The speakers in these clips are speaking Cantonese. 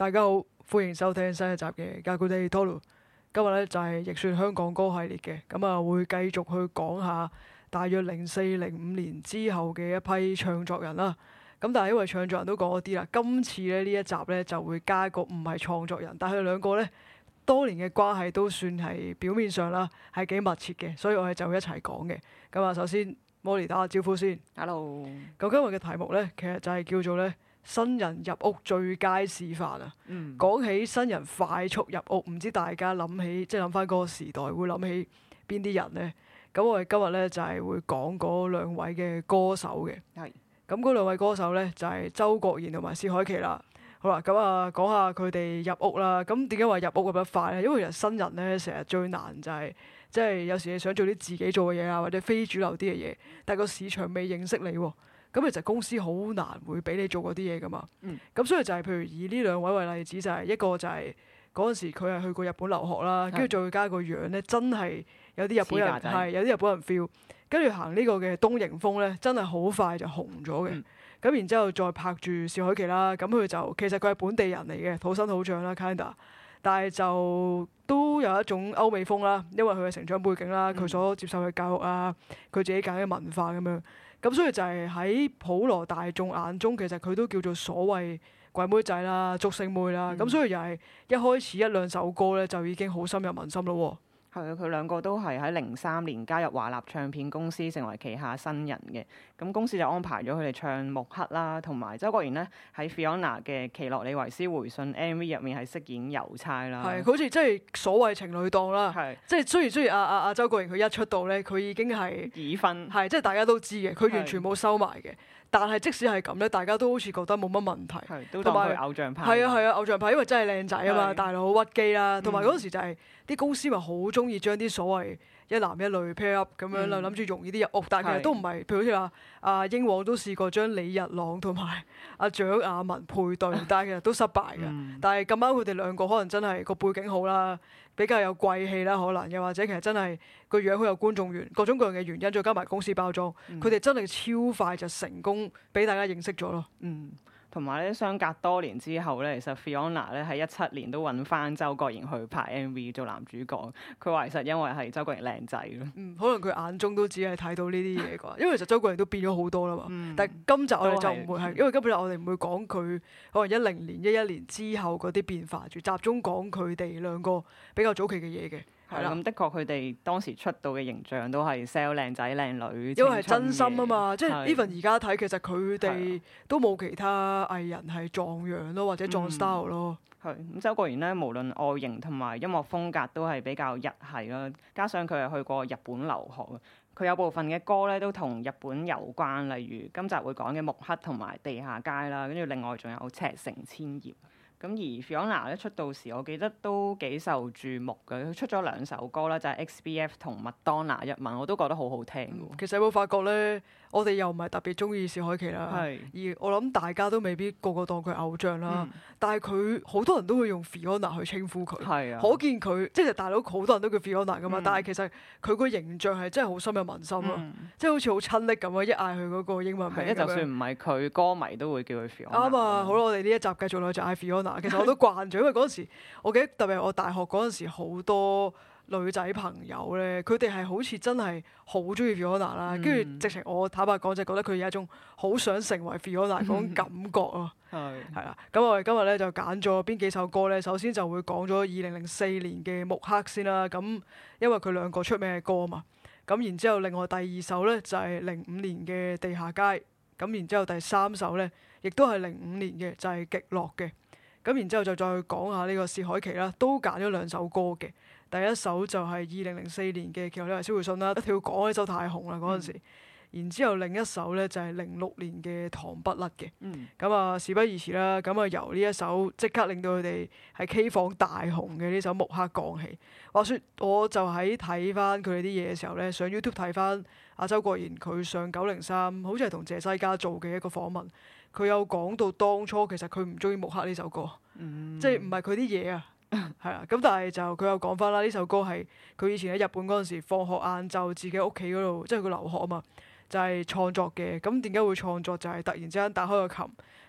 大家好，歡迎收聽新一集嘅《教佢哋拖路》。今日咧就係逆說香港歌系列嘅，咁啊會繼續去講下大約零四零五年之後嘅一批唱作人啦。咁但係因為唱作人都講咗啲啦，今次咧呢一集咧就會加一個唔係創作人，但係兩個咧多年嘅關係都算係表面上啦，係幾密切嘅，所以我哋就會一齊講嘅。咁啊，首先 Molly 打下招呼先，Hello。咁今日嘅題目咧，其實就係叫做咧。新人入屋最佳示範啊！嗯、講起新人快速入屋，唔知大家諗起即係諗翻嗰個時代，會諗起邊啲人咧？咁我哋今日咧就係、是、會講嗰兩位嘅歌手嘅。係是。咁嗰兩位歌手咧就係、是、周國賢同埋薛凱琪啦。好啦，咁啊講下佢哋入屋啦。咁點解話入屋咁樣快咧？因為其實新人咧成日最難就係即係有時你想做啲自己做嘅嘢啊，或者非主流啲嘅嘢，但係個市場未認識你喎。咁其實公司好難會俾你做嗰啲嘢噶嘛，咁、嗯、所以就係譬如以呢兩位為例子，就係一個就係嗰陣時佢係去過日本留學啦，跟住再加個樣咧，真係有啲日本人係有啲日本人 feel，跟住行個呢個嘅東瀛風咧，真係好快就紅咗嘅。咁、嗯、然之後再拍住薛凱琪啦，咁佢就其實佢係本地人嚟嘅，土生土長啦，Kind，of，但係就都有一種歐美風啦，因為佢嘅成長背景啦，佢所接受嘅教育啊，佢自己揀嘅文化咁樣。咁所以就係喺普羅大眾眼中，其實佢都叫做所謂鬼妹仔啦、竹升妹啦。咁、嗯、所以又係一開始一兩首歌咧，就已經好深入民心咯喎。係啊，佢兩個都係喺零三年加入華納唱片公司成為旗下新人嘅。咁公司就安排咗佢哋唱木克啦，同埋周國賢呢喺 Fiona 嘅《奇洛李維斯回信》MV 入面係飾演郵差啦。係，好似即係所謂情侶檔啦。係，即係雖然雖然阿阿阿周國賢佢一出道呢，佢已經係已婚。係，即係大家都知嘅，佢完全冇收埋嘅。但係即使係咁咧，大家都好似覺得冇乜問題。係，都當佢偶像派。係啊係啊，偶像派，因為真係靚仔啊嘛，的大佬好屈機啦。同埋嗰時就係、是、啲、嗯、公司咪好中意將啲所謂。一男一女 pair up 咁樣啦，諗住容易啲入屋，但其實都唔係，譬如好似話阿英皇都試過將李日朗同埋阿蔣雅文配對，但其實都失敗嘅。嗯、但係咁啱佢哋兩個可能真係個背景好啦，比較有貴氣啦，可能又或者其實真係個樣好有觀眾緣，各種各樣嘅原因，再加埋公司包裝，佢哋、嗯、真係超快就成功俾大家認識咗咯。嗯。同埋咧，相隔多年之後咧，其實 Fiona 咧喺一七年都揾翻周國賢去拍 MV 做男主角。佢話其實因為係周國賢靚仔咯。可能佢眼中都只係睇到呢啲嘢啩。 因為其實周國賢都變咗好多啦嘛。嗯、但係今集我哋就唔會係，是因為根本我哋唔會講佢可能一零年、一一年之後嗰啲變化，就集中講佢哋兩個比較早期嘅嘢嘅。係啦，咁的確佢哋當時出道嘅形象都係 sell 靚仔靚女，因為係真心啊嘛！即係 Even 而家睇，的其實佢哋都冇其他藝人係裝樣咯，或者裝 style 咯。係咁、嗯，周國賢咧，無論外形同埋音樂風格都係比較日系啦。加上佢係去過日本留學，佢有部分嘅歌咧都同日本有關，例如今集會講嘅《木黑》同埋地下街啦，跟住另外仲有赤城千葉。咁而 Fiona 一出道時，我記得都幾受注目嘅。佢出咗兩首歌啦，就係 XBF 同麥當娜一吻，我都覺得好好聽，嗯。其實有冇發覺咧，我哋又唔係特別中意薛凱琪啦，是而我諗大家都未必個個，個當佢偶像啦。嗯、但係佢好多人都會用 Fiona 去稱呼佢，啊、可見佢即係大佬好多人都叫 Fiona 噶嘛。嗯、但係其實佢個形象係真係好深入民心啊，嗯、即係好似好親力咁啊！一嗌佢嗰個英文名，啊，就算唔係佢歌迷都會叫佢 Fiona，嗯。啱啊！好啦，我哋呢一集繼續落去，就嗌 Fiona。其實我都慣咗，因為嗰陣時，我記得特別係我大學嗰陣時，好多女仔朋友咧，佢哋係好似真係好中意 Fiona 啦。跟住直情，我坦白講，就覺得佢有一種好想成為 Fiona 嗰種感覺啊。係係啦，咁我哋今日咧就揀咗邊幾首歌咧。首先就會講咗二零零四年嘅《木黑》先啦。咁因為佢兩個出名嘅歌啊嘛。咁然之後，另外第二首咧就係零五年嘅《地下街》。咁然之後，第三首咧亦都係零五年嘅，就係、是《極樂》嘅。咁然之後就再去講下呢個薛凱琪啦，都揀咗兩首歌嘅。第一首就係二零零四年嘅《奇洛李維斯回信》啦，一定要講呢首太紅啦嗰陣時。嗯、然之後另一首咧就係零六年嘅《糖不甩》嘅。咁啊、嗯、事不宜遲啦，咁啊由呢一首即刻令到佢哋喺 K 房大紅嘅呢首《木刻鋼器》。話説我就喺睇翻佢哋啲嘢嘅時候咧，上 YouTube 睇翻阿周國賢佢上九零三，好似係同謝西嘉做嘅一個訪問。佢有講到當初其實佢唔中意木刻呢首歌，嗯、即係唔係佢啲嘢啊，係啊， 咁但係就佢有講翻啦，呢首歌係佢以前喺日本嗰陣時放學晏晝自己屋企嗰度，即係佢留學啊嘛，就係、是、創作嘅。咁點解會創作就係、是、突然之間打開個琴，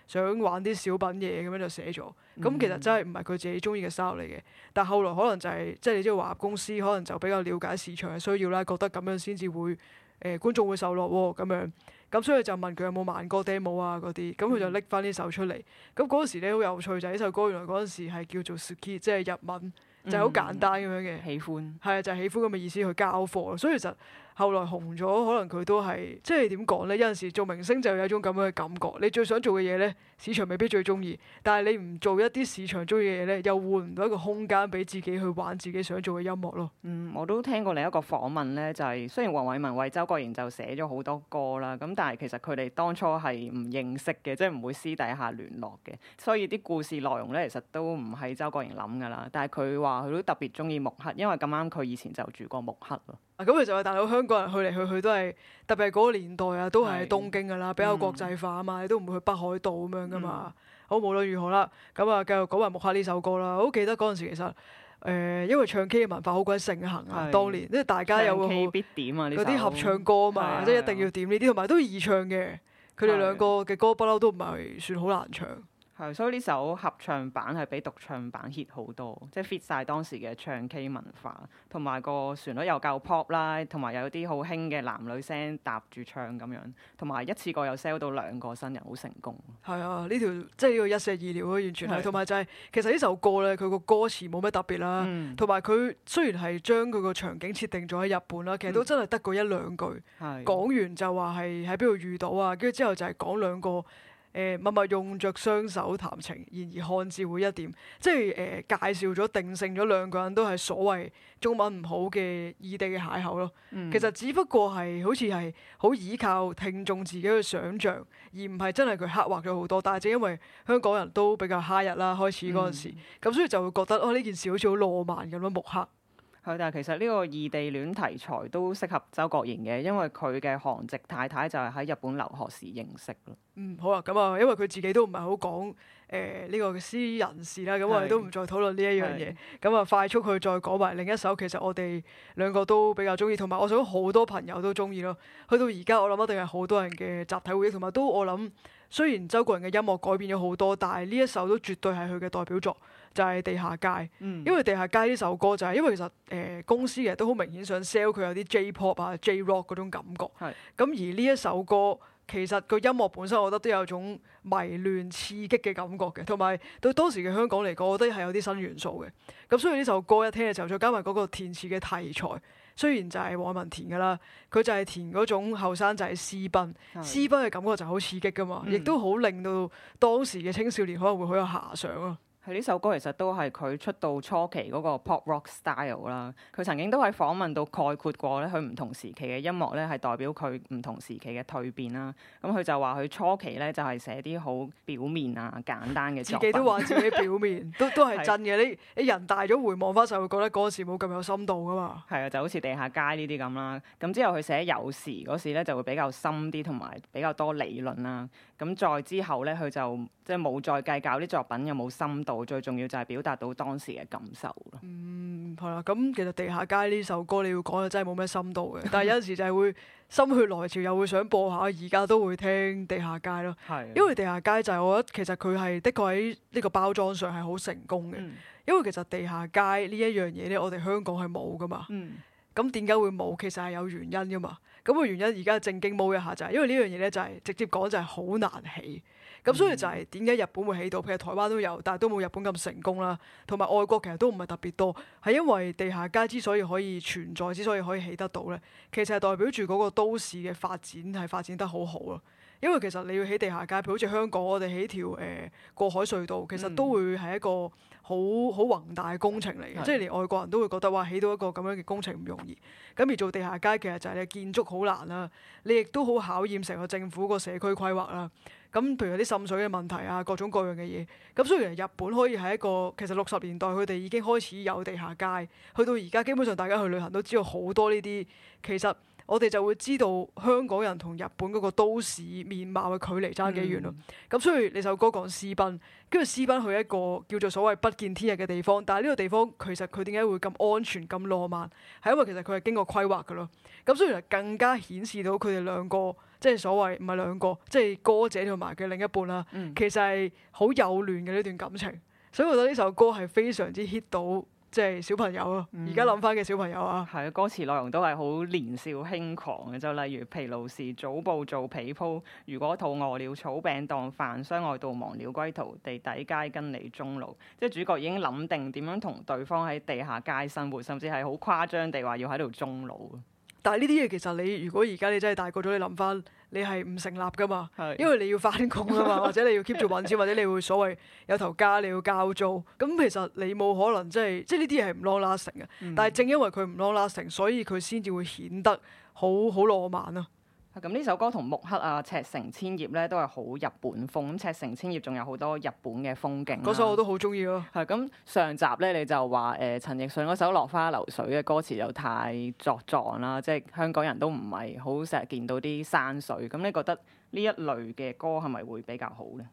想玩啲小品嘢咁樣就寫咗。咁、嗯、其實真係唔係佢自己中意嘅 style 嚟嘅。但係後來可能就係、是、即係你知華立公司可能就比較了解市場嘅需要啦，覺得咁樣先至會誒、呃、觀眾會受落喎咁樣。咁所以就問佢有冇慢歌 demo 啊嗰啲，咁佢就拎翻呢首出嚟。咁嗰陣時咧好有趣就係呢首歌，原來嗰陣時係叫做 Suki，即係日文，就係、是、好簡單咁樣嘅。喜歡係啊，就係、是、喜歡咁嘅意思去交貨，所以其實。後來紅咗，可能佢都係即係點講咧？有陣時做明星就有一種咁樣嘅感覺。你最想做嘅嘢咧，市場未必最中意。但係你唔做一啲市場中意嘅嘢咧，又換唔到一個空間俾自己去玩自己想做嘅音樂咯。嗯，我都聽過另一個訪問咧，就係雖然黃偉文為周國賢就寫咗好多歌啦，咁但係其實佢哋當初係唔認識嘅，即係唔會私底下聯絡嘅。所以啲故事內容咧，其實都唔係周國賢諗噶啦。但係佢話佢都特別中意木刻，因為咁啱佢以前就住過木刻咯。咁其實啊，大佬香港人去嚟去去都係，特別係嗰個年代啊，都係喺東京噶啦，比較國際化啊嘛，你都唔會去北海道咁樣噶嘛。嗯、好，無論如何啦，咁啊繼續講埋木下呢首歌啦。我好記得嗰陣時其實誒、呃，因為唱 K 嘅文化好鬼盛行啊，的當年咧大家有會好嗰啲、啊、合唱歌啊嘛，即係一定要點呢啲，同埋都易唱嘅。佢哋兩個嘅歌不嬲都唔係算好難唱。所以呢首合唱版係比獨唱版 hit 好多，即係 fit 晒當時嘅唱 K 文化，同埋個旋律又夠 pop 啦，同埋有啲好興嘅男女聲搭住唱咁樣，同埋一次過又 sell 到兩個新人，好成功。係啊，呢條即係要出乎意料，完全係。同埋是就係、是、其實呢首歌咧，佢個歌詞冇咩特別啦，同埋佢雖然係將佢個場景設定咗喺日本啦，其實都真係得嗰一兩句，講、嗯、完就話係喺邊度遇到啊，跟住之後就係講兩個。誒默默用着雙手談情，然而漢字會一點，即係誒、呃、介紹咗、定性咗兩個人都係所謂中文唔好嘅異地嘅邂逅咯。嗯、其實只不過係好似係好依靠聽眾自己嘅想像，而唔係真係佢刻畫咗好多。但係正因為香港人都比較哈日啦，開始嗰陣時，咁、嗯、所以就會覺得哦呢件事好似好浪漫咁樣，木刻。係，但係其實呢個異地戀題材都適合周國賢嘅，因為佢嘅韓籍太太就係喺日本留學時認識咯。嗯，好啊，咁啊，因為佢自己都唔係好講誒呢個私人事啦，咁我哋都唔再討論呢一樣嘢。咁啊的，快速去再講埋另一首，其實我哋兩個都比較中意，同埋我想好多朋友都中意咯。去到而家，我諗一定係好多人嘅集體回憶，同埋都我諗，雖然周國賢嘅音樂改變咗好多，但係呢一首都絕對係佢嘅代表作。就係地下街，因為地下街呢首歌就係、是、因為其實誒、呃、公司其實都好明顯想 sell 佢有啲 J-pop 啊 J-rock 嗰種感覺。咁的而呢一首歌其實個音樂本身，我覺得都有種迷亂刺激嘅感覺嘅，同埋對當時嘅香港嚟講，我覺得係有啲新元素嘅。咁所以呢首歌一聽嘅時候，再加埋嗰個填詞嘅題材，雖然就係黃文田噶啦，佢就係填嗰種後生仔私奔、的私奔嘅感覺就好刺激噶嘛，嗯、亦都好令到當時嘅青少年可能會好有遐想啊。係呢首歌，其實都係佢出道初期嗰個 pop rock style 啦。佢曾經都喺訪問度概括過咧，佢唔同時期嘅音樂咧，係代表佢唔同時期嘅蛻變啦。咁、嗯、佢就話佢初期咧就係寫啲好表面啊、簡單嘅作品。自己都話自己表面 都都係真嘅。你你人大咗回望翻曬，會覺得嗰時冇咁有深度㗎嘛？係啊，就好似地下街呢啲咁啦。咁之後佢寫有時嗰時咧就會比較深啲，同埋比較多理論啦。咁再之後呢，佢就即係冇再計較啲作品有冇深度，最重要就係表達到當時嘅感受咯、嗯。嗯，係、嗯、啦。咁其實《地下街》呢首歌你要講就真係冇咩深度嘅， 但係有時就係會心血來潮又會想播下，而家都會聽《地下街》咯的。因為《地下街》就係我覺得其實佢係的確喺呢個包裝上係好成功嘅，嗯、因為其實《地下街》呢一樣嘢呢，我哋香港係冇噶嘛。嗯咁點解會冇？其實係有原因噶嘛。咁個原因而家正經冇一下就係、是、因為呢樣嘢咧，就係直接講就係好難起。咁所以就係點解日本會起到？譬如台灣都有，但係都冇日本咁成功啦。同埋外國其實都唔係特別多，係因為地下街之所以可以存在，之所以可以起得到咧，其實係代表住嗰個都市嘅發展係發展得好好啊。因為其實你要起地下街，譬如好似香港，我哋起條誒、呃、過海隧道，其實都會係一個。好好宏大工程嚟嘅，的即係連外國人都會覺得話起到一個咁樣嘅工程唔容易。咁而做地下街其實就係你建築好難啦，你亦都好考驗成個政府個社區規劃啦。咁譬如啲滲水嘅問題啊，各種各樣嘅嘢。咁雖然日本可以係一個其實六十年代佢哋已經開始有地下街，去到而家基本上大家去旅行都知道好多呢啲，其實。我哋就會知道香港人同日本嗰個都市面貌嘅距離差幾遠咯。咁、嗯、所以呢首歌講私奔，跟住私奔去一個叫做所謂不見天日嘅地方，但係呢個地方其實佢點解會咁安全、咁浪漫？係因為其實佢係經過規劃嘅咯。咁所以更加顯示到佢哋兩個，即、就、係、是、所謂唔係兩個，即、就、係、是、歌者同埋佢嘅另一半啦。嗯、其實係好有戀嘅呢段感情，所以我覺得呢首歌係非常之 hit 到。即係小，小朋友啊！而家諗翻嘅小朋友啊，係啊，歌詞內容都係好年少輕狂嘅，就例如疲勞時早報做被鋪，如果肚餓了草餅當飯，相愛到忘了歸途，地底街跟你終老，即係主角已經諗定點樣同對方喺地下街生活，甚至係好誇張地話要喺度終老。但係呢啲嘢其實你如果而家你真係大個咗，你諗翻你係唔成立噶嘛？是的 因為你要翻工啊嘛， 或者你要 keep 住搵錢，或者你會所謂有頭家你要交租，咁其實你冇可能真、就、係、是、即係呢啲嘢係唔 long lasting 嘅。嗯、但係正因為佢唔 long lasting，所以佢先至會顯得好好浪漫啊！咁呢、嗯、首歌同木刻啊、赤城千葉咧都係好日本風，咁赤城千葉仲有好多日本嘅風景。嗰首我都好中意啊。係咁、嗯、上集咧，你就話誒、呃、陳奕迅嗰首落花流水嘅歌詞又太作狀啦，即係香港人都唔係好成日見到啲山水。咁你覺得呢一類嘅歌係咪會比較好咧？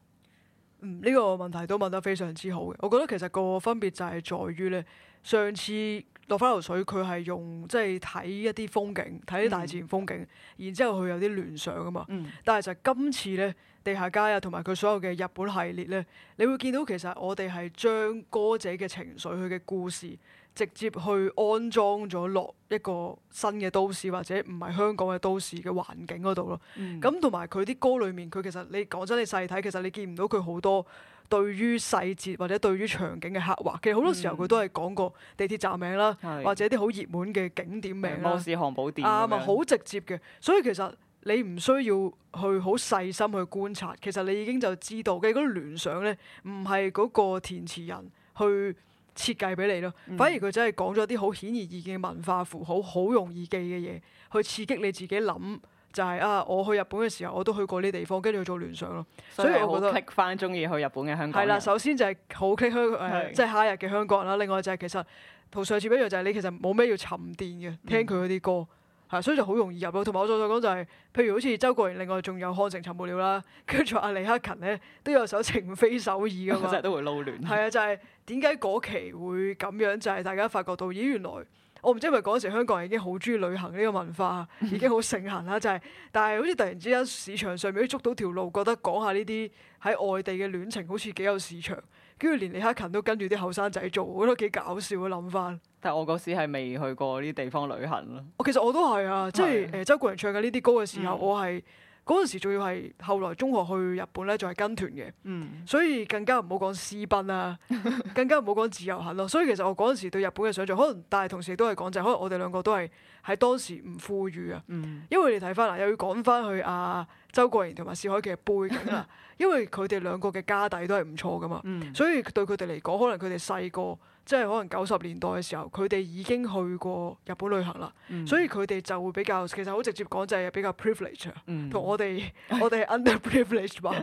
嗯，呢個問題都問得非常之好嘅。我覺得其實個個分別就係在於咧，上次落花流水佢係用即係睇一啲風景，睇啲大自然風景，嗯，然之後佢有啲聯想啊嘛。嗯，但係就是今次咧，地下街啊，同埋佢所有嘅日本系列咧，你會見到其實我哋係將歌者嘅情緒、佢嘅故事。直接去安裝咗落一個新嘅都市或者唔係香港嘅都市嘅環境嗰度咯。咁同埋佢啲歌裏面，佢其，其實你講真，你細睇其實你見唔到佢好多對於細節或者對於場景嘅刻畫。其實好多時候佢都係講個地鐵站名啦，嗯、或者啲好熱門嘅景點名啦。《摩斯漢堡店》啊，咪好樣直接嘅。所以其實你唔需要去好細心去觀察，其實你已經就知道嘅如果聯想呢，唔係嗰個填詞人去。設計俾你咯，反而佢真係講咗啲好顯而易見嘅文化符號，好容易記嘅嘢，去刺激你自己諗，就係、是、啊，我去日本嘅時候，我都去過呢地方，跟住做聯想咯。所以，所以我覺得，翻中意去日本嘅香港人。係啦，首先就係好 kick 香，即係夏日嘅香港人啦。另外就係、是、其實同上次一樣，就係你其實冇咩要沉澱嘅，聽佢嗰啲歌。嗯係，所以就好容易入咯。同埋我再再講就係、是，譬如好似周國賢，另外仲有漢城沉沒了啦，跟住阿李克勤咧都有首情非首爾㗎嘛。成 都會撈亂。係啊，就係點解嗰期會咁樣？就係、是、大家發覺到，咦，原來我唔知係咪嗰時香港人已經好鍾意旅行呢個文化，已經好盛行啦。就係、是，但係好似突然之間市場上面都捉到條路，覺得講下呢啲喺外地嘅戀情，好似幾有市場。跟住連李克勤都跟住啲後生仔做，我都幾搞笑啊！諗翻，但係我嗰時係未去過呢啲地方旅行咯。我、哦、其實我都係啊，的即係誒、呃、周國賢唱嘅呢啲歌嘅時候，嗯、我係。嗰陣時仲要係後來中學去日本咧，就係、是、跟團嘅，嗯、所以更加唔好講私奔啦、啊，更加唔好講自由行咯、啊。所以其實我嗰陣時對日本嘅想像，可能但係同時都係講就係可能我哋兩個都係喺當時唔富裕啊，因為你睇翻啦，又要講翻去啊周國賢同埋薛凱琪嘅背景啦、啊，因為佢哋兩個嘅家底都係唔錯㗎嘛，所以對佢哋嚟講，可能佢哋細個。即係可能九十年代嘅時候，佢哋已經去過日本旅行啦，嗯、所以佢哋就會比較其實好直接講，就係比較 privileged，同、嗯、我哋 我哋 underprivileged 嘛，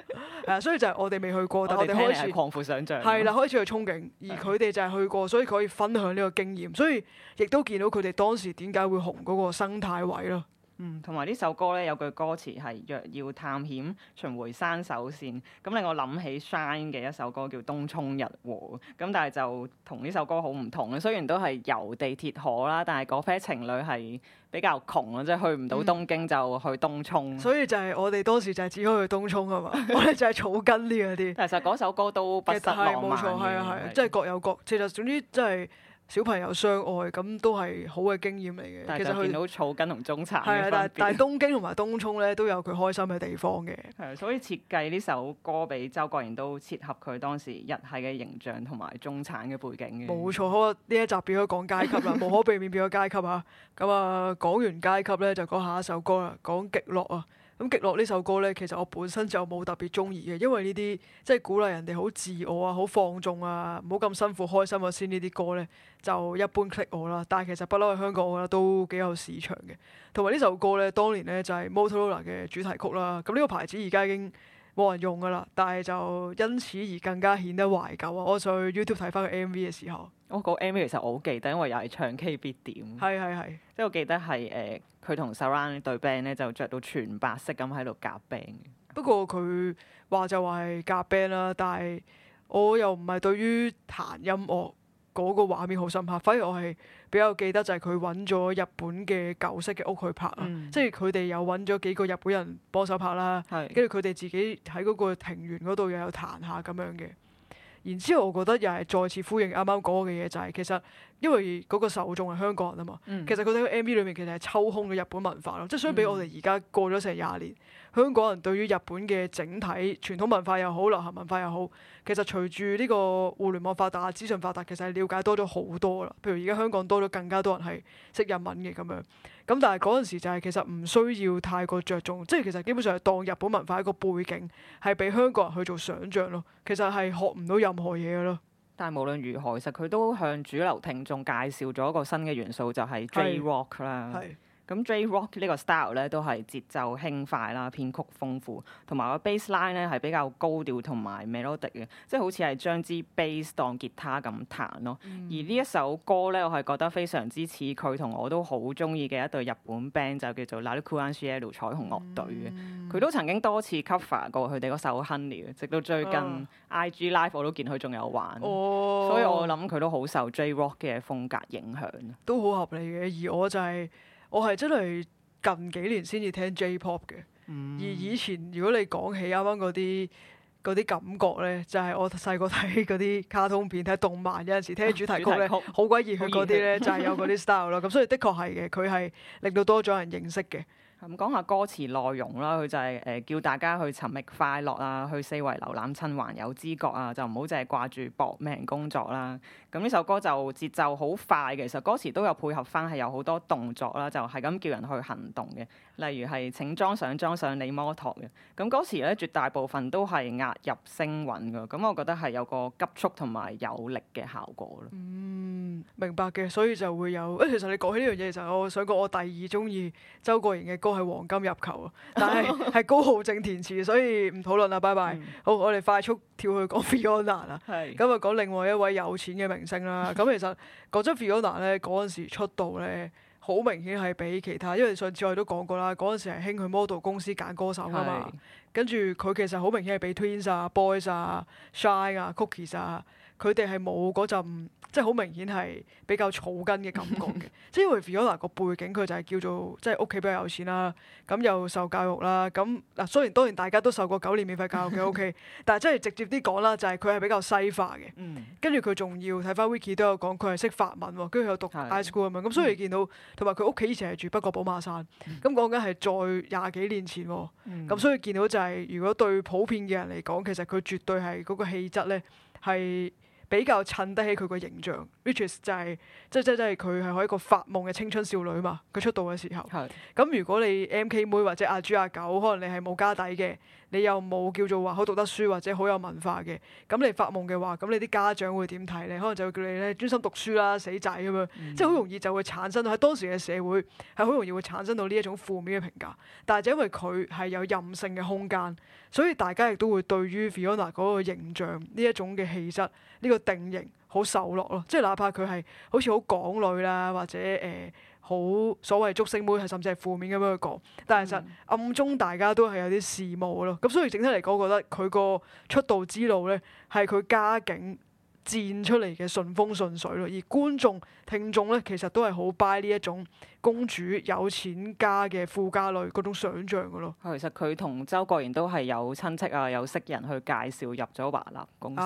係啊， 所以就係我哋未去過，們但係我哋開始狂呼想像，係啦，開始去憧憬，而佢哋就係去過，所以可以分享呢個經驗，所以亦都見到佢哋當時點解會紅嗰個生態位咯。嗯，同埋呢首歌咧有句歌詞係，若要探險循回山手線，咁令我諗起 Shine 嘅一首歌叫東涌日和，咁但係就同呢首歌好唔同啊！雖然都係遊地鐵河啦，但係嗰 pair 情侶係比較窮啊，即係去唔到東京就去東涌，嗯，所以就係我哋當時就係只可以去東涌啊嘛， 我哋就係草根呢嗰啲。其實嗰首歌都不失浪漫嘅，即係各有各，其實總之即係。小朋友相愛咁都係好嘅經驗嚟嘅，其實見到草根同中產嘅分別。係啊，但係東京同埋東涌咧都有佢開心嘅地方嘅。係， 所以設計呢首歌俾周國賢都切合佢當時日系嘅形象同埋中產嘅背景嘅。冇錯，呢一集變咗講階級啦，無可避免變咗階級啊。咁啊，講完階級咧就講下一首歌啦，講極樂啊。咁極樂呢首歌咧，其實我本身就冇特別中意嘅，因為呢啲即係鼓勵人哋好自我啊、好放縱啊、唔好咁辛苦開心先呢啲歌咧，就一般 click 我啦。但係其實不嬲喺香港我覺得都幾有市場嘅。同埋呢首歌咧，當年咧就係 Motorola 嘅主題曲啦。咁呢個牌子而家已經。冇人用噶啦，但係就因此而更加顯得懷舊啊！我上去 YouTube 睇翻個 MV 嘅時候，我個 MV 其實我好記得，因為又係唱 K 必點。係係係，即係我記得係誒，佢同 Sarang 對 band 咧，就着到全白色咁喺度夾 band。不過佢話就話係夾 band 啦，但係我又唔係對於彈音樂。嗰個畫面好深刻，反而我係比較記得就係佢揾咗日本嘅舊式嘅屋去拍啦，嗯、即係佢哋又揾咗幾個日本人幫手拍啦，跟住佢哋自己喺嗰個庭園嗰度又有彈下咁樣嘅。然之後我覺得又係再次呼應啱啱講嘅嘢，就係、是、其實因為嗰個受眾係香港人啊嘛，嗯、其實佢哋個 MV 裏面其實係抽空咗日本文化咯，即係相比我哋而家過咗成廿年。嗯嗯香港人對於日本嘅整體傳統文化又好、流行文化又好，其實隨住呢個互聯網發達、資訊發達，其實係了解多咗好多啦。譬如而家香港多咗更加多人係識日文嘅咁樣，咁但係嗰陣時就係其實唔需要太過着重，即係其實基本上係當日本文化一個背景，係俾香港人去做想像咯。其實係學唔到任何嘢噶啦。但係無論如何，其實佢都向主流聽眾介紹咗一個新嘅元素，就係 J-Rock 啦。咁 J Rock 個呢個 style 咧都係節奏輕快啦，編曲豐富，同埋個 bass line 咧係比較高調同埋 melody 嘅，即係好似係將支 bass 當吉他咁彈咯。嗯、而呢一首歌咧，我係覺得非常之似佢同我都好中意嘅一對日本 band 就叫做 L'Arc-en-Ciel 彩虹樂隊嘅，佢、嗯、都曾經多次 cover 過佢哋嗰首 Honey，直到最近 IG live 我都見佢仲有玩，哦、所以我諗佢都好受 J Rock 嘅風格影響。都好合理嘅，而我就係、是。我係真係近幾年先至聽 J-pop 嘅，嗯，而以前如果你講起啱啱嗰啲嗰啲感覺咧，就係我細個睇嗰啲卡通片、睇動漫有陣時聽主題曲咧，好鬼熱血嗰啲咧，就係有嗰啲 style 咯。咁所以的確係嘅，佢係令到多咗人認識嘅。咁講下歌詞內容啦，佢就係誒叫大家去尋覓快樂啊，去四圍瀏覽趁還有知覺啊，就唔好淨係掛住搏命工作啦。咁呢首歌就節奏好快嘅，其實歌詞都有配合翻係有好多動作啦，就係咁叫人去行動嘅。例如係請裝上裝上你摩托嘅。咁歌詞咧絕大部分都係壓入聲韻噶，咁我覺得係有個急速同埋有力嘅效果咯。嗯，明白嘅，所以就會有誒。其實你講起呢樣嘢，就係我想講我第二中意周國賢嘅。都係黃金入球啊！但係係高皓正填詞，所以唔討論啦。拜拜。嗯、好，我哋快速跳去講 Fiona 啦。係是，咁啊講另外一位有錢嘅明星啦。咁 其實講咗 Fiona 咧，嗰陣時出道咧，好明顯係比其他，因為上次我哋都講過啦，嗰陣時係興去 model 公司揀歌手噶嘛。跟住佢其實好明顯係比 Twins 啊、Boys 啊、Shine 啊、Cookies 啊。佢哋係冇嗰陣，即係好明顯係比較草根嘅感覺嘅。即係 因為 Vivian 個背景，佢就係叫做即係屋企比較有錢啦，咁又受教育啦。咁嗱，雖然當然大家都受過九年免費教育嘅 OK， 但係真係直接啲講啦，就係佢係比較西化嘅。跟住佢仲要睇翻 Wiki 都有講，佢係識法文喎，跟住又讀 I school 咁樣。咁的所以見到同埋佢屋企以前係住北角寶馬山。咁講緊係再廿幾年前喎。咁、嗯、所以見到就係、是、如果對普遍嘅人嚟講，其實佢絕對係嗰個氣質咧係。比較襯得起佢個形象，rich 就係即即即係佢係一個發夢嘅青春少女嘛。佢出道嘅時候，咁是的 如果你 MK 妹或者阿豬阿狗，可能你係冇家底嘅。你又冇叫做話好讀得書或者好有文化嘅，咁你發夢嘅話，咁你啲家長會點睇你？可能就會叫你咧專心讀書啦，死仔咁樣，即係好容易就會產生到喺當時嘅社會係好容易會產生到呢一種負面嘅評價。但係就因為佢係有任性嘅空間，所以大家亦都會對於 Fiona 嗰個形象呢一種嘅氣質呢個定型好受落咯。即係哪怕佢係好似好港女啦，或者誒。呃好，所謂竹升妹，係甚至係負面咁樣講，但係其實暗中大家都係有啲羨慕咯。咁所以整體嚟講，我覺得佢個出道之路咧，係佢家境賤出嚟嘅順風順水咯。而觀眾、聽眾咧，其實都係好 buy 呢一種公主有錢家嘅富家女嗰種想像噶咯。其實佢同周國賢都係有親戚啊，有識人去介紹入咗華納公司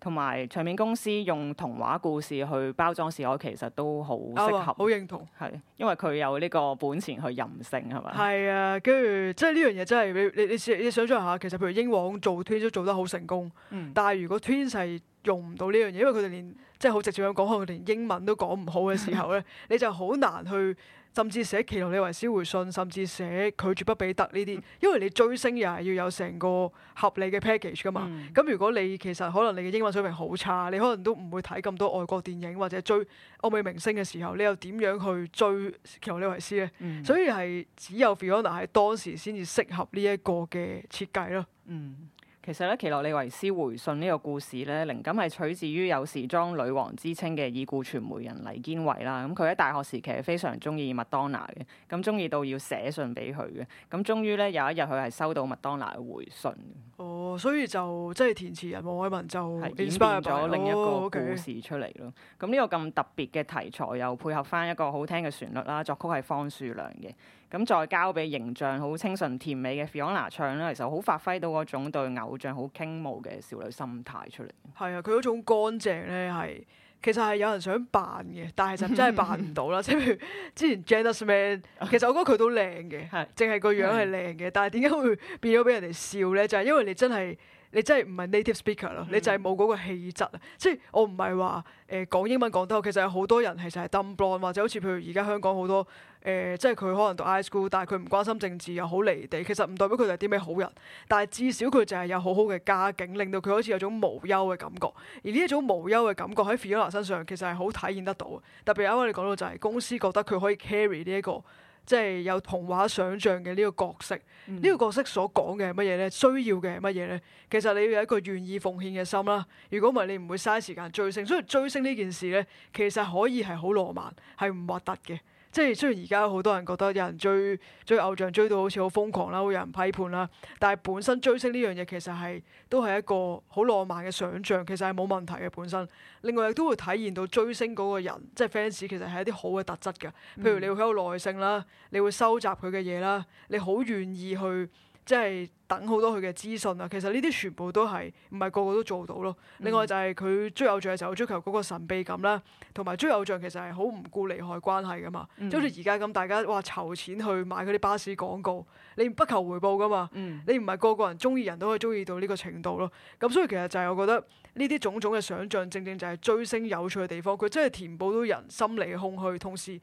同埋唱片公司用童話故事去包裝示我，其實都好適合，好認同。係，因為佢有呢個本錢去任性，係咪？係啊，跟住即係呢樣嘢真係你你你想象下，其實譬如英皇做 Twins 都做得好成功，嗯，但係如果 Twins 用唔到呢樣嘢，因為佢哋連即係好直接咁講，佢連英文都講唔好嘅時候咧， 你就好難去。甚至寫《奇洛李維斯回信》，甚至寫拒絕畢彼特呢啲，因為你追星又係要有成個合理嘅 package 噶嘛。咁、嗯、如果你其實可能你嘅英文水平好差，你可能都唔會睇咁多外國電影或者追歐美明星嘅時候，你又點樣去追奇洛李維斯呢？嗯、所以係只有 Fiona 係當時先至適合呢一個嘅設計咯。嗯。其實咧，奇洛李維斯回信呢個故事咧，靈感係取自於有時裝女王之稱嘅已故傳媒人黎堅惠啦。咁佢喺大學時期係非常中意麥當娜嘅，咁中意到要寫信俾佢嘅。咁終於咧，有一日佢係收到麥當娜嘅回信。Oh. 所以就即係、就是、填詞人黃偉文就演是 Insp ire 變咗另一個故事出嚟咯。咁呢、oh, okay. 個咁特別嘅題材又配合翻一個好聽嘅旋律啦，作曲係方樹良嘅。咁再交俾形象好清純甜美嘅 Fiona 唱啦，其實好發揮到嗰種對偶像好傾慕嘅少女心態出嚟。係啊，佢嗰種乾淨咧係。其實係有人想扮嘅，但係就真係扮唔到啦。譬 如之前 Janice Man，其實我覺得佢都靚嘅，淨係個樣係靚嘅。但係點解會變咗俾人哋笑咧？就係、是、因為你真係你真係唔係 native speaker 咯， 你就係冇嗰個氣質啊。即係我唔係話誒講英文講得好，其實有好多人其實係 dumb blonde，或者好似譬如而家香港好多。誒、呃，即係佢可能讀 I school，但係佢唔關心政治又好離地，其實唔代表佢哋係啲咩好人。但係至少佢就係有好好嘅家境，令到佢好似有種無憂嘅感覺。而呢一種無憂嘅感覺喺 Fiona 身上其實係好體現得到。特別啱啱你講到就係公司覺得佢可以 carry 呢、這、一個即係、就是、有童話想像嘅呢個角色。呢、嗯、個角色所講嘅係乜嘢咧？需要嘅係乜嘢咧？其實你要有一個願意奉獻嘅心啦。如果唔係，你唔會嘥時間追星。所以追星呢件事咧，其實可以係好浪漫，係唔核突嘅。即係雖然而家好多人覺得有人追追偶像追到好似好瘋狂啦，會有人批判啦，但係本身追星呢樣嘢其實係都係一個好浪漫嘅想像，其實係冇問題嘅本身。另外亦都會體現到追星嗰個人，即係 fans 其實係一啲好嘅特質嘅，譬如你會好有耐性啦，你會收集佢嘅嘢啦，你好願意去。即係等好多佢嘅資訊啊！其實呢啲全部都係唔係個個都做到咯。另外就係佢追偶像嘅時候追求嗰個神秘感啦，同埋追偶像其實係好唔顧利害關係㗎嘛。即好似而家咁，大家話籌錢去買嗰啲巴士廣告，你不求回報㗎嘛？嗯、你唔係個個人中意人都可以中意到呢個程度咯。咁所以其實就係我覺得呢啲種種嘅想像，正正就係追星有趣嘅地方。佢真係填補到人心理嘅空虛，同時。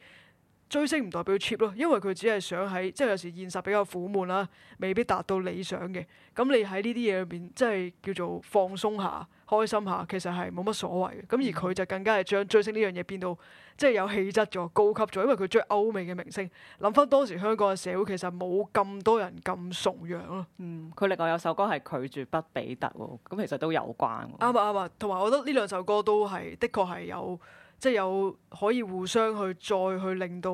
追星唔代表 cheap 咯，因為佢只係想喺即係有時現實比較苦悶啦，未必達到理想嘅。咁你喺呢啲嘢裏邊，即係叫做放鬆下、開心下，其實係冇乜所謂嘅。咁而佢就更加係將追星呢樣嘢變到即係有氣質咗、高級咗，因為佢追歐美嘅明星。諗翻當時香港嘅社會，其實冇咁多人咁崇洋咯。嗯，佢另外有首歌係拒絕不比得喎，咁其實都有關。啱啊啱啊，同埋我覺得呢兩首歌都係的確係有。即係有可以互相去再去令到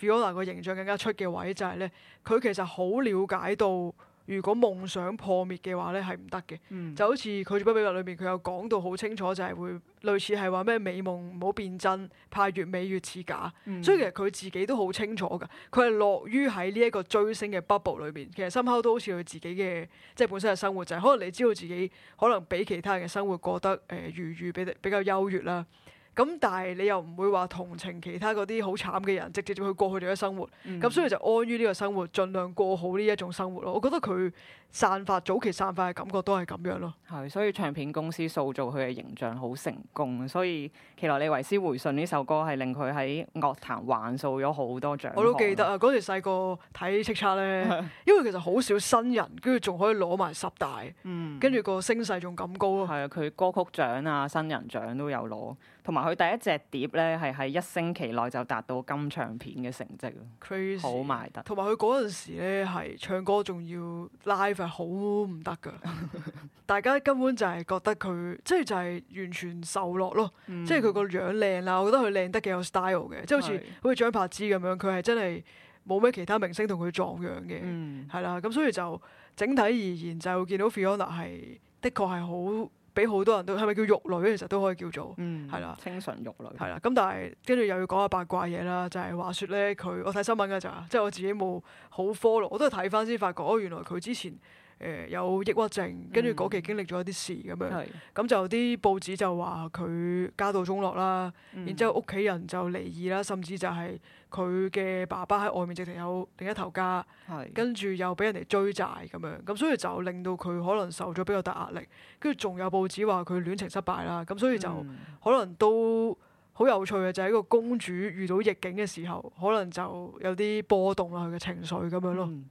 Fiona 個形象更加出嘅位就呢，就係咧，佢其實好了解到，如果夢想破滅嘅話咧，係唔得嘅。就好似佢《不平凡》裏面，佢有講到好清楚，就係會類似係話咩美夢唔好變真，怕越美越似假。嗯、所以其實佢自己都好清楚㗎，佢係樂於喺呢一個追星嘅 bubble 裏面。其實深刻都好似佢自己嘅即係本身嘅生活就係、是、可能你知道自己可能比其他人嘅生活過得誒裕裕比比較優越啦。咁但係你又唔會話同情其他嗰啲好慘嘅人，直接就去過去咗嘅生活，咁、嗯、所以就安於呢個生活，儘量過好呢一種生活咯。我覺得佢散發早期散發嘅感覺都係咁樣咯。係，所以唱片公司塑造佢嘅形象好成功，所以奇洛李維斯回信呢首歌係令佢喺樂壇橫掃咗好多獎。我都記得啊！嗰時細個睇叱咤咧， 因為其實好少新人，跟住仲可以攞埋十大，跟住、嗯、個聲勢仲咁高咯。係啊，佢歌曲獎啊、新人獎都有攞。同埋佢第一隻碟咧，係喺一星期內就達到金唱片嘅成績，好賣 Crazy. 得。同埋佢嗰陣時咧，係唱歌仲要 live 係好唔得㗎， 大家根本就係覺得佢即係就係、係、完全受落咯，嗯、即係佢個樣靚啦，我覺得佢靚得幾有 style 嘅，即、就、係、係、好似好似張柏芝咁樣，佢係真係冇咩其他明星同佢撞樣嘅，係啦、嗯，咁所以就整體而言就見到 Fiona 係的確係好。俾好多人都係咪叫玉女？其實都可以叫做，係啦、嗯，的清純玉女。係啦，咁但係跟住又要講下八卦嘢啦，就係、是、話説咧，佢我睇新聞嘅咋，即、就、係、是、我自己冇好 follow，我都係睇翻先發覺，原來佢之前。誒有抑鬱症，跟住嗰期經歷咗一啲事咁樣，咁、嗯、就啲報紙就話佢家道中落啦，嗯、然之後屋企人就離異啦，甚至就係佢嘅爸爸喺外面直情有另一頭家，跟住、嗯、又俾人哋追債咁樣，咁所以就令到佢可能受咗比較大壓力，跟住仲有報紙話佢戀情失敗啦，咁所以就可能都好有趣嘅，就係、是、一個公主遇到逆境嘅時候，可能就有啲波動啦，佢嘅情緒咁樣咯。嗯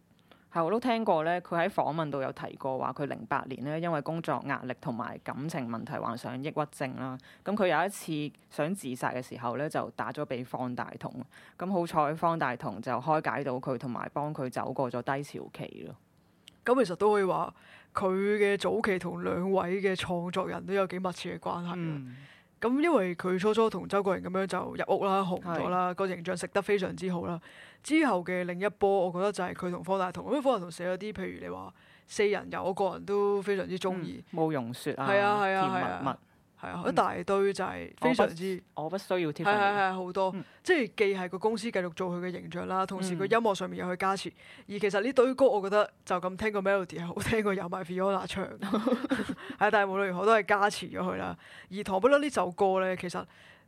係，我都聽過咧。佢喺訪問度有提過話，佢零八年咧，因為工作壓力同埋感情問題患上抑鬱症啦。咁佢有一次想自殺嘅時候咧，就打咗俾方大同。咁好彩，方大同就開解到佢，同埋幫佢走過咗低潮期咯。咁其實都可以話佢嘅早期同兩位嘅創作人都有幾密切嘅關係。嗯咁因為佢初初同周國賢咁樣就入屋啦，紅咗啦，個形象食得非常之好啦。之後嘅另一波，我覺得就係佢同方大同，因為方大同寫咗啲，譬如你話《四人遊》，我個人都非常之中意。慕、嗯、容雪啊，啊啊啊啊啊甜蜜蜜。係啊，一 大堆就係非常之我，我不需要貼上。係係好多， 即係既係個公司繼續做佢嘅形象啦，同時佢音樂上面又去加持。而其實呢堆歌，我覺得就咁聽個 melody 係好聽過有埋 Fiona 唱，係但係無論如何都係加持咗佢啦。而唐不嬲呢首歌咧，其實。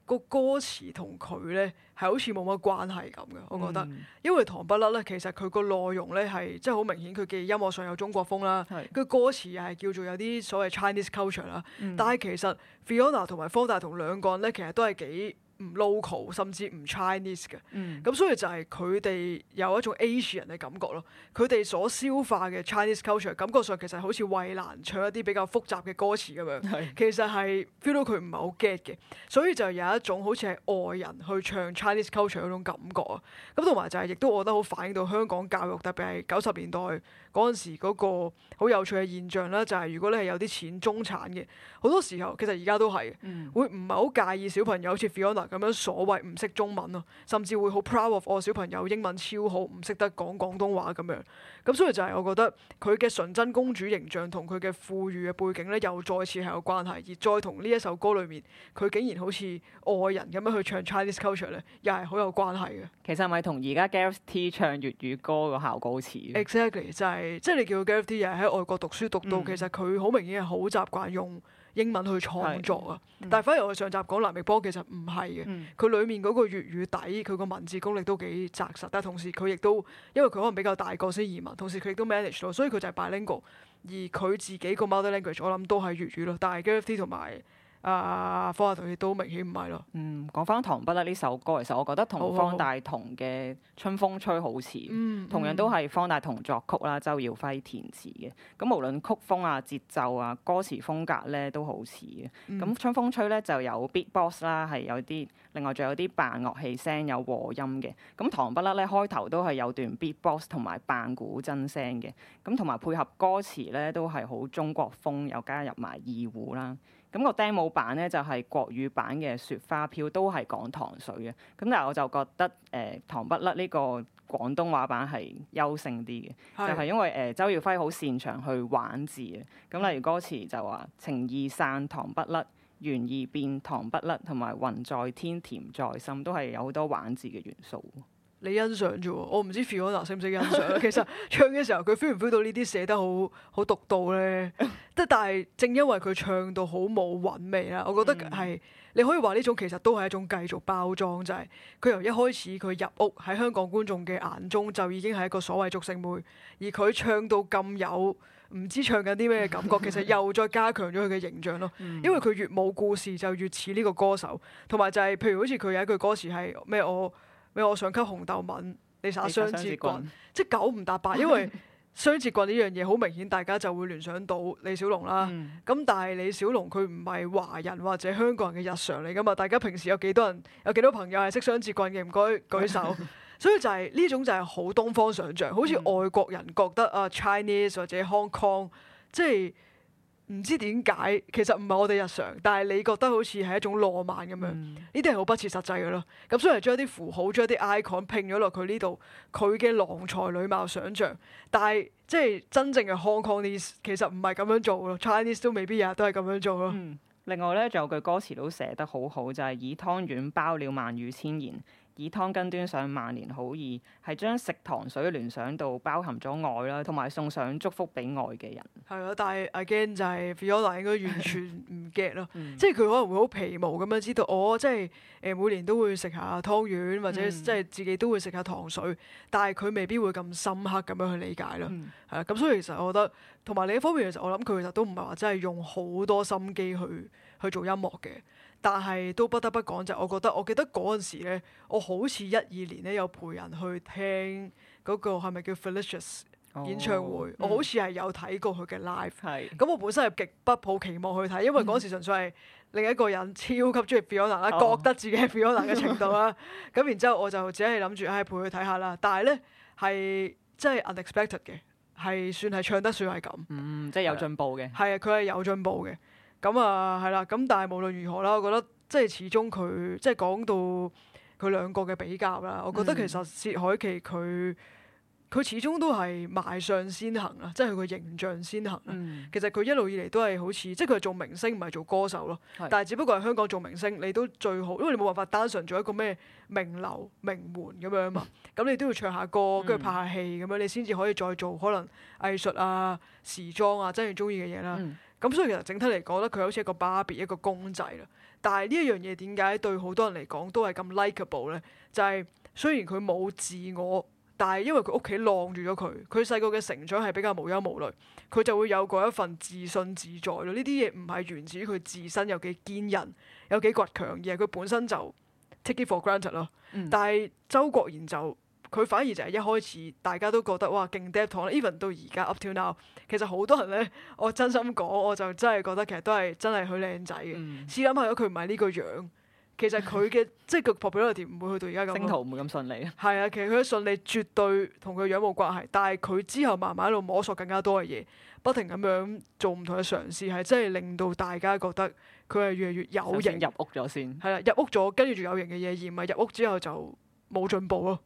個歌詞同佢咧係好似冇乜關係咁嘅，我覺得，嗯、因為糖不甩咧，其實佢個內容咧係即係好明顯，佢嘅音樂上有中國風啦，佢是的 歌詞又係叫做有啲所謂 Chinese culture 啦，嗯、但係其實 Fiona 同埋方大同兩個人咧，其實都係幾 local 甚至唔 Chinese 嘅，咁、嗯、所以就係佢哋有一種 Asian 嘅感覺咯。佢哋所消化嘅 Chinese culture，感覺上其實好似衞蘭唱一啲比較複雜嘅歌詞咁樣，是其實係 feel 到佢唔係好 get 嘅，所以就有一種好似係外人去唱 Chinese culture 嗰種感覺。咁同埋就係亦都我覺得好反映到香港教育，特別係九十年代。嗰陣時嗰個好有趣嘅現象咧，就係如果你係有啲錢中產嘅，好多時候其實而家都係，會唔係好介意小朋友好似 Fiona 咁樣所謂唔識中文咯，甚至會好 proud of 我小朋友英文超好，唔識得講廣東話咁樣。咁所以就係我覺得佢嘅純真公主形象同佢嘅富裕嘅背景咧，又再次係有關係，而再同呢一首歌裏面，佢竟然好似外人咁樣去唱 Chinese culture 咧，又係好有關係嘅。其實係咪同而家 Gareth T 唱粵語歌個效果好似？Exactly 就係、是。即係你叫佢 GFT 又係喺外國讀書讀到，嗯、其實佢好明顯係好習慣用英文去創作啊。嗯、但係反而我上集講南美波其實唔係嘅，佢、嗯、裡面嗰個粵語底，佢個文字功力都幾紮實。但係同時佢亦都因為佢可能比較大個先移民，同時佢亦都 manage 咗，所以佢就係 bilingual。而佢自己個 mother language 我諗都係粵語咯。但係 GFT 同埋。啊！方大同亦都明顯唔係咯。嗯，講返《糖不甩》呢首歌，其實我覺得同方大同嘅《春風吹》好似，好好，同樣都係方大同作曲啦，周耀輝填詞嘅。咁無論曲風啊、節奏啊、歌詞風格咧，都好似嘅。咁、嗯，《春風吹呢》咧就有 beatbox 啦，係有啲，另外仲有啲扮樂器聲，有和音嘅。咁《糖不甩》咧，開頭都係有段 beatbox 同埋扮古箏聲嘅。咁同埋配合歌詞咧都係好中國風，又加入埋二胡啦。咁個 demo 版咧就係、是、國語版嘅雪花飄，都係講糖水嘅。咁但係我就覺得誒糖、呃、不甩呢個廣東話版係優勝啲嘅，是就係因為誒、呃、周耀輝好擅長去玩字嘅。咁例如歌詞就話、嗯、情意散糖不甩，緣意變糖不甩，同埋雲在天甜在心，都係有好多玩字嘅元素。你欣賞啫喎，我唔知 Fiona 識唔識欣賞。 其實唱嘅時候，佢 feel 唔 feel 到呢啲寫得好好獨到咧。即 但係，正因為佢唱到好冇韻味啦，我覺得係你可以話呢種其實都係一種繼續包裝。就係佢由一開始佢入屋喺香港觀眾嘅眼中，就已經係一個所謂俗性妹。而佢唱到咁有唔知唱緊啲咩感覺，其實又再加強咗佢嘅形象咯。 因為佢越冇故事，就越似呢個歌手。同埋就係、是、譬如好似佢有一句歌詞係咩我。咪我想吸紅豆粉，你耍雙截棍，棍即係九唔搭八，因為雙截棍呢樣嘢好明顯，大家就會聯想到李小龍啦。咁、嗯、但係李小龍佢唔係華人或者香港人嘅日常嚟㗎嘛？大家平時有幾多人有幾多朋友係識雙截棍嘅？唔該舉手。 所以就係、是、呢種就係好東方想像，好似外國人覺得啊、嗯 uh, Chinese 或者 Hong Kong 即係。唔知點解，其實唔係我哋日常，但係你覺得好似係一種浪漫咁樣，呢啲係好不切實際嘅咯。咁所以將啲符號、將啲 icon 拼咗落佢呢度，佢嘅郎才女貌想像，但係即係真正嘅 Hong Kongese 其實唔係咁樣做咯，Chinese 都未必日日都係咁樣做咯、嗯。另外呢，仲有句歌詞都寫得好好，就係、是、以湯圓包了萬語千言。以湯羹端上萬年好意，係將食糖水聯想到包含咗愛啦，同埋送上祝福俾愛嘅人。係啊，但係 again 就係 Fiona 應該完全唔 get 咯， 即係佢可能會好皮毛咁樣知道我，我即係誒每年都會食下湯圓或者即係自己都會食下糖水，但係佢未必會咁深刻咁樣去理解咯。係啊， 咁所以其實我覺得，同埋另一方面，其實我諗佢其實都唔係話真係用好多心機去去做音樂嘅。但係都不得不講，就我覺得，我記得嗰陣時咧，我好似一二年咧，有陪人去聽嗰、嗰個係咪叫 Felicious 演唱會？哦嗯、我好似係有睇過佢嘅 live 是。係。咁我本身係極不抱期望去睇，因為嗰時純粹係另一個人超級中意 Fiona、嗯、 覺得自己係 Fiona 嘅程度啦。咁、哦、 然之後我就只係諗住係陪佢睇下啦。但係咧係真係 unexpected 嘅，係算係唱得算係咁。嗯，即係有進步嘅。係啊，佢係有進步嘅。咁啊，係啦、嗯，咁、嗯、但係無論如何啦，我覺得即係始終佢即係講到佢兩個嘅比較啦。我覺得其實薛凱琪佢佢始終都係賣相先行啊，即係佢個形象先行啊。嗯、其實佢一路以嚟都係好似即係佢做明星唔係做歌手咯。但係只不過係香港做明星，你都最好，因為你冇辦法單純做一個咩名流名門咁樣嘛。咁、嗯、你都要唱下歌，跟住拍下戲咁樣，你先至可以再做可能藝術啊、時裝啊，真係中意嘅嘢啦。嗯嗯。咁所以其實整體嚟講咧，佢好似一個芭比一個公仔啦。但係呢一樣嘢，點解對好多人嚟講都係咁 likeable 咧？就係雖然佢冇自我，但係因為佢屋企晾住咗佢，佢細個嘅成長係比較無憂無慮，佢就會有嗰一份自信自在咯。呢啲嘢唔係源自於佢自身有幾堅韌有幾倔強，而係佢本身就 take it for granted 咯。但係周國賢就。佢反而就係一開始大家都覺得哇勁 deep talk 啦，even 到而家 up to now，其實好多人咧，我真心講，我就真係覺得其實都係真係佢靚仔嘅。試諗下，如果佢唔係呢個樣，其實佢嘅 即係個 popularity 唔會去到而家咁。星途唔會咁順利。係啊，其實佢嘅順利絕對同佢樣冇關係，但係佢之後慢慢喺度摸索更加多嘅嘢，不停咁樣做唔同嘅嘗試，係真係令到大家覺得佢係越嚟越有型。入屋咗先。係啦，入屋咗跟住仲有型嘅嘢，而唔係入屋之後就冇進步咯。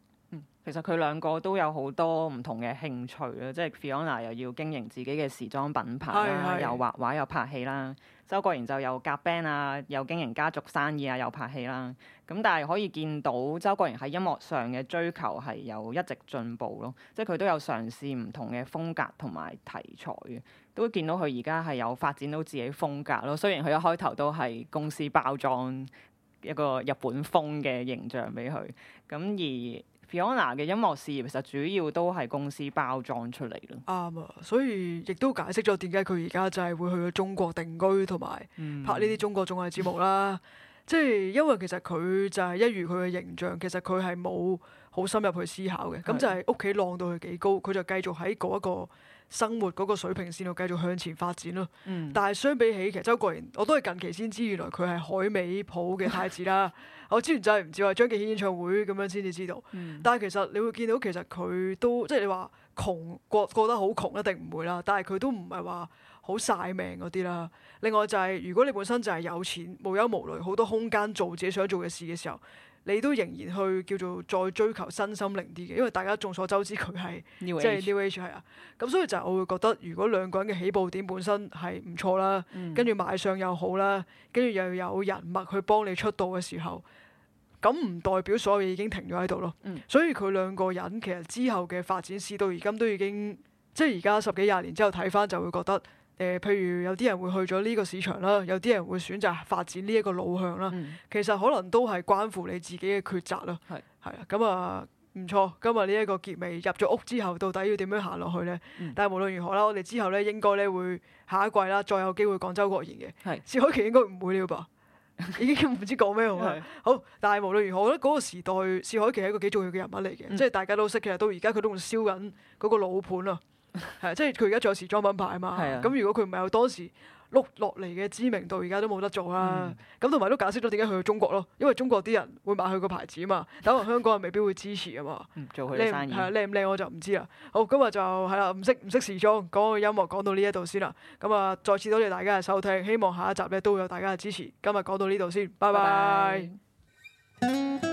其實佢兩個都有好多唔同嘅興趣啦，即係 Fiona 又要經營自己嘅時裝品牌啦， 又畫畫又拍戲啦。 周國賢就又夾 band 啊，又經營家族生意啊，又拍戲啦。咁但係可以見到周國賢喺音樂上嘅追求係有一直進步咯，即係佢都有嘗試唔同嘅風格同埋題材嘅，都見到佢而家係有發展到自己風格咯。雖然佢一開頭都係公司包裝一個日本風嘅形象俾佢咁而。Piona 嘅音樂事業其實主要都係公司包裝出嚟咯，啱啊！所以亦都解釋咗點解佢而家就係會去咗中國定居同埋拍呢啲中國綜藝節目啦。即係 因為其實佢就係一如佢嘅形象，其實佢係冇好深入去思考嘅。咁的就係屋企浪到佢幾高，佢就繼續喺嗰一個生活嗰個水平線度繼續向前發展咯。嗯、但係相比起其實周國賢，我都係近期先知原來佢係海美普嘅太子啦。 我之前就係唔知啊，張敬軒演唱會咁樣先至知道。知道嗯、但係其實你會見到其實佢都即係你話窮過，過得好窮一定唔會啦。但係佢都唔係話好晒命嗰啲啦。另外就係、是、如果你本身就係有錢無憂無慮，好多空間做自己想做嘅事嘅時候。你都仍然去叫做再追求身心靈啲嘅，因為大家眾所周知佢係，即係 New Age 係啊，咁所以就係我會覺得，如果兩個人嘅起步點本身係唔錯啦，mm. 跟住賣相又好啦，跟住又有人脈去幫你出道嘅時候，咁唔代表所有嘢已經停咗喺度咯。Mm. 所以佢兩個人其實之後嘅發展史到而今都已經即係而家十幾廿年之後睇翻就會覺得。誒、呃，譬如有啲人會去咗呢個市場啦，有啲人會選擇發展呢一個路向啦，嗯、其實可能都係關乎你自己嘅抉擇啦。係係是，咁啊唔錯。今日呢一個結尾入咗屋之後，到底要點樣行落去呢？嗯、但係無論如何啦，我哋之後咧應該咧會下一季啦，再有機會講周國賢嘅。薛是凱琪應該唔會了吧？ 已經唔知講咩好, 是好但係無論如何，我覺得嗰個時代，薛凱琪係一個幾重要嘅人物嚟嘅，嗯、即係大家都識。其實到而家佢都仲燒緊嗰個老盤啊。係， 即係佢而家仲有時裝品牌啊嘛，咁的如果佢唔係有當時碌落嚟嘅知名度，而家都冇得做啦。咁同埋都解釋咗點解去到中國咯，因為中國啲人會買佢個牌子啊嘛，但係香港人未必會支持啊嘛。嗯， 做佢啲生意，靚唔靚我就唔知啦。好，今日就係啦，唔識唔識時裝，講個音樂講到呢一度先啦。咁啊，再次多謝大家嘅收聽，希望下一集呢都會有大家嘅支持。今日講到呢度先，拜拜。Bye bye。